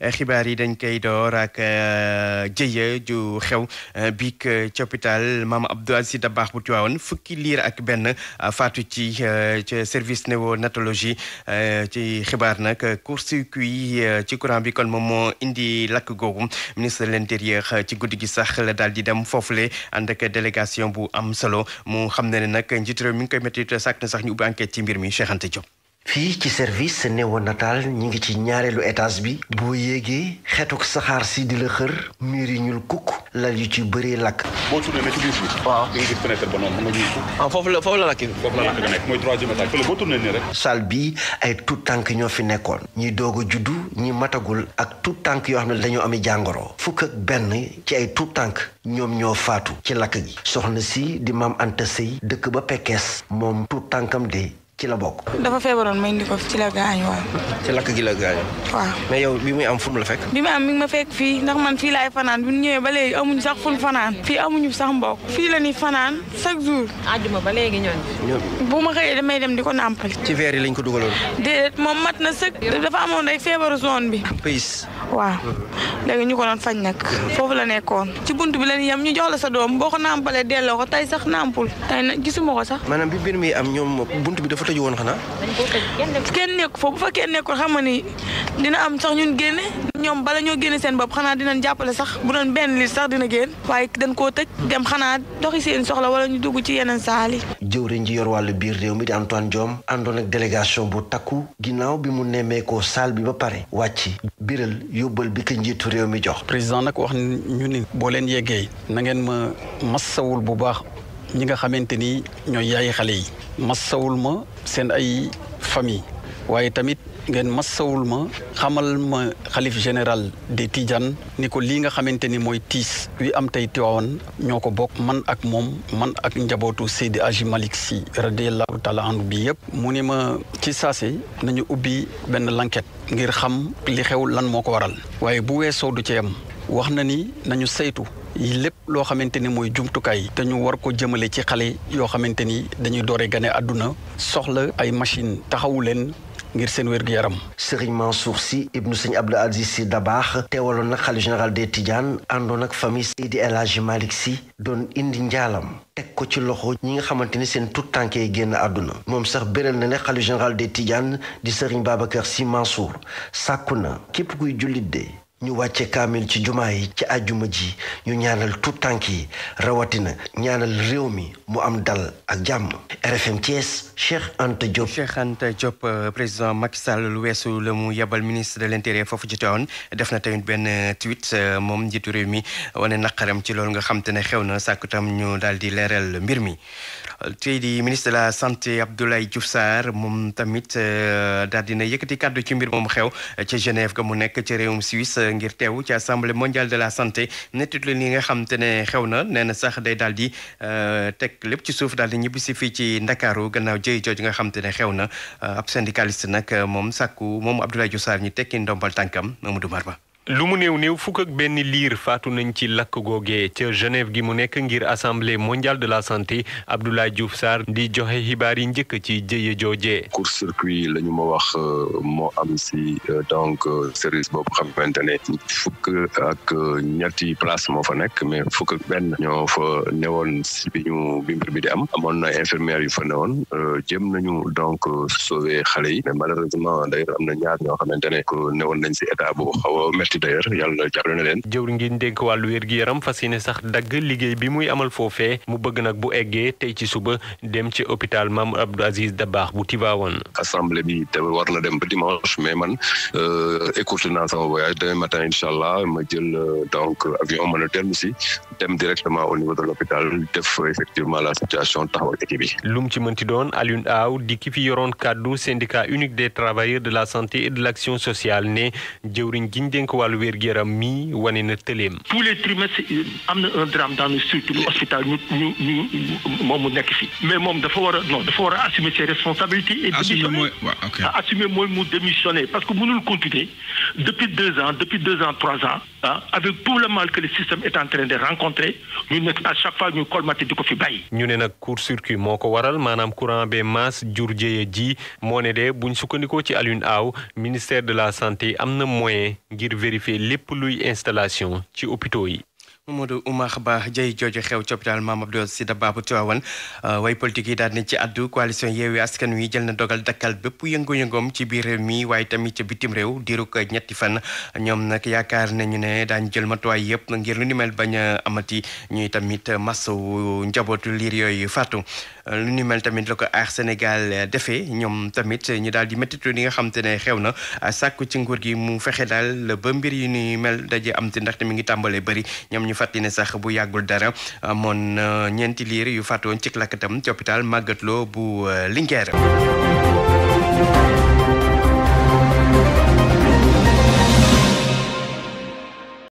xibaar yi dañ koy door ak euh, jëye ju xew euh, biig euh, ci hôpital Maam Abdou Aziz Dabakh bu Tiwaawan fukki liir ak benn faatu ci ci service néonatologie ci xibaar nag court-circuit ci courant bi kon moom moo indi lakk googu ministre de l'intérieur ci guddi gi sax la daal di dem le ànd ak délégation bu am solo mu xam ne ne nag njiit mi ngi koy métti sàkk na sax ñu ubbi enquête ci mbir mi Cheikh Anta fii ci service néonatal ñi ngi ci ñaareelu etaas bi boo yéegee xetuk saxaar si di la xër miir yi ñuul kukk lal yu ci bëree lakk. boo bi. ay tout tànk ñoo fi nekkoon. ñi doog a juddu ñi matagul ak tout tànk yoo xam ne dañoo amee jàngoro. fukk ak benn ci ay tout tànk ñoom ñoo faatu ci lakk gi. soxna si di maam Anta Sey dëkk ba Pekes moom tout tànkam de ci la bokk. dafa feebaroon ma indi ko ci la gaañ waaw. ci lakk gi la gaañ. waaw mais yow bi muy am fu la fekk. bi muy am mi ma fekk fii ndax man fii laay fanaan bu ñëwee ba léegi amuñu sax fu fanaan. fii amuñu sax mbokk. fii la ñuy fanaan chaque jour. àjjuma ba léegi ñoom. bu ma xëyee damay dem di ko nàmpali. ci verre yi lañ ko dugaloon. déedéet moom mat na sëkk. dafa amoon rek feebaru zone bi. pays. waaw léegi ñu ko doon faj nag foofu la nekkoon ci bunt bi leen yam ñu jox la sa doom boo ko nàmpalee delloo ko tey sax nàmpul tey nag gisuma ko sax maanaam bi mbir mi am ñoom bunt bi dafa tëju woon xanaa kenn nekk foofu bu fa kenn nekkul xam nga ni dina am sax ñun génne ñoom bala ñoo génne seen bopp xanaa dinañ jàppale sax bu doon benn litre sax dina génn waaye dañ koo tëj dem xanaa doxi seen soxla wala ñu dugg ci yeneen saali jëwriñ ji yor wàllu biir réew mi di Antoine Diome àndoon ak délégation bu takku ginnaaw bi mu nemmeekoo saal bi ba pare wàcc biral yóbbal bi ko njiitu réew mi jox président nag wax ñu ni boo leen yeggee na ngeen ma massawul bu baax ñi nga xamante ni ñooy yaayi xale yi massawul ma seen ay famille waaye tamit ngeen masawul ma xamal ma xalif général de Tidiane ni ko lii nga xamante ni mooy tiis wi am tey Tiwaawan ñoo ko bokk man ak moom man ak njabootu Seydi Aji Malick Sy radiyallahu taala anhu bi yëpp mu ni ma ci saase nañu ubbi benn lanket ngir xam li xew lan moo ko waral waaye bu weesoo du ci yem wax na ni nañu saytu lépp loo xamante ni mooy jumtukaay te ñu war ko jëmale ci xale yoo xamante ni dañuy doore gane àdduna soxla ay machine taxawu leen ngir seen wér-gu-yaram sëriñ Mansour si ibnu sëñ Abdou Aziz Sy Dabaax teewaloon nag xalif général des Tidianes àndoon ak famille Seydi El Hadji Malick Sy doon indi njaalam teg ko ci loxo ñi nga xamante ni seen tout tànk yi génn àdduna moom sax béral na ne xalif général des Tidianes di sëriñ Babacar Sy Mansour sàkku na képp kuy jullit de ñu wàcce kaamil ci jumaa yi ci àjjuma ji ñu ñaanal tout tànk yi rawatina ñaanal réew mi mu am dal ak jàmm RFM Thiès Cheikh Anta Diop Cheikh Anta Diop euh, président Macky Sall lu weesu la mu yebal ministre de l'intérieur foofu ci Tivaouane def na tamit benn euh, tweet euh, moom njiitu réew mi wane naqaram ci loolu nga xam ne xew na sàkk tam ñu daal di leeral mbir mi tey di ministre de la santé Abdoulaye Diouf Sarr moom tamit daal dina yëkkati kàddu ci mbir moom xew ci Genève ga mu nekk ci réewum Suisse ngir teew ci assemblée mondiale de la santé nettit lu li nga xam te ne xew na nee na sax day daal di euh, teg lépp ci suuf daal di ñibbi si fii ci ndakaaru gannaaw jëy jooju nga xam te ne xew na euh, ab syndicaliste nag moom sàkku moom Abdoulaye Diouf Sarr ñu tekki ndombal tànkam Mamadou Marba lu mu néew néew fukk ak benn liir faatu nañ ci lakk googee ca Genève gi mu nekk ngir assemblée mondiale de la santé Abdoulaye Diouf Sarr di joxe xibaar yi njëkk ci jëye joojee court circuit la ñu ma wax euh, moo am si euh, donc euh, service boobu xamante ne fukk ak ñetti place moo fa nekk mais fukk ak benn ñoo fa newoon si bi ñu bi di am amoon na infirmière yu fa newoon jëm nañu donc sauver xale yi mais malheureusement d'ailleurs am na ñaar ñoo xamante ne newoon nañ si état bu xaw a metti ci d'ailleurs yàlla jàppale na leen jëwriñ ngi dénk liggéey bi muy amal foofee mu bëgg nag bu eggee tey ci suba dem ci hôpital Mame Abdou Aziz Dabakh bu Tivaouane assemblée bi te war na dem ba dimanche mais man euh, écourté naa sama voyage demain matin incha ma jël euh, donc a dellu si dem directement au niveau de l'hôpital def effectivement la situation taxaw équipe bi lu mu ci mënti doon Alioune Aw di fi yoroon kàddu syndicat unique des travailleurs de la santé et de l'action sociale ne jëwriñ giñ dénk wàllu wàllu wér-gu-yaram mi wane na tëleem. tous les trimestres euh, am na un drame dans nos structures hospitales ñu moom mu nekk fi. mais moom dafa war a non dafa war a assumer ses responsabilités. et démissionner mooy ah, mooy mu démissionner parce que mënul continuer depuis deux ans depuis deux ans trois ans. ah avec tout le mal que le système est en train de rencontrer ñu nekk chaque fois ñu colmaté di ko fi bàyyi. ñu ne nag court circuit moo ko waral maanaam courant bee masse jur jëye ji moo ne de ci Alioune Aw de la vérifier lépp luy installation ci hôpitaux yi. Mamadou Oumar Ba jëy jooju xew ci ma Mame Abdou Sida Babou Tivaouane euh, way politique yi daal nañ ci àddu coalition Yewwi Askan Wi jël na dogal dakkal bépp yëngu-yëngoom ci biir réew mi waaye tamit ci bitim réew diirug ñetti fan ñoom nag yaakaar nañu ne daañu jël matuwaay yëpp ngir lu ni mel bañ amati ñu tamit masawu njabootu liir yooyu faatu. lu ni mel tamit la ko aar Sénégal eh, defee ñoom tamit ñu daal di méttitu li nga xam ne xew na eh, sàkku ci nguur gi mu fexe daal ba mbir yu ni mel daje am te ndaxte mi ngi tàmbalee bëri ñoom ñu fàttali ne sax bu yàggul dara amoon eh, ñeenti liir yu fàttoon ci lakkatam ci hôpital bu Linguère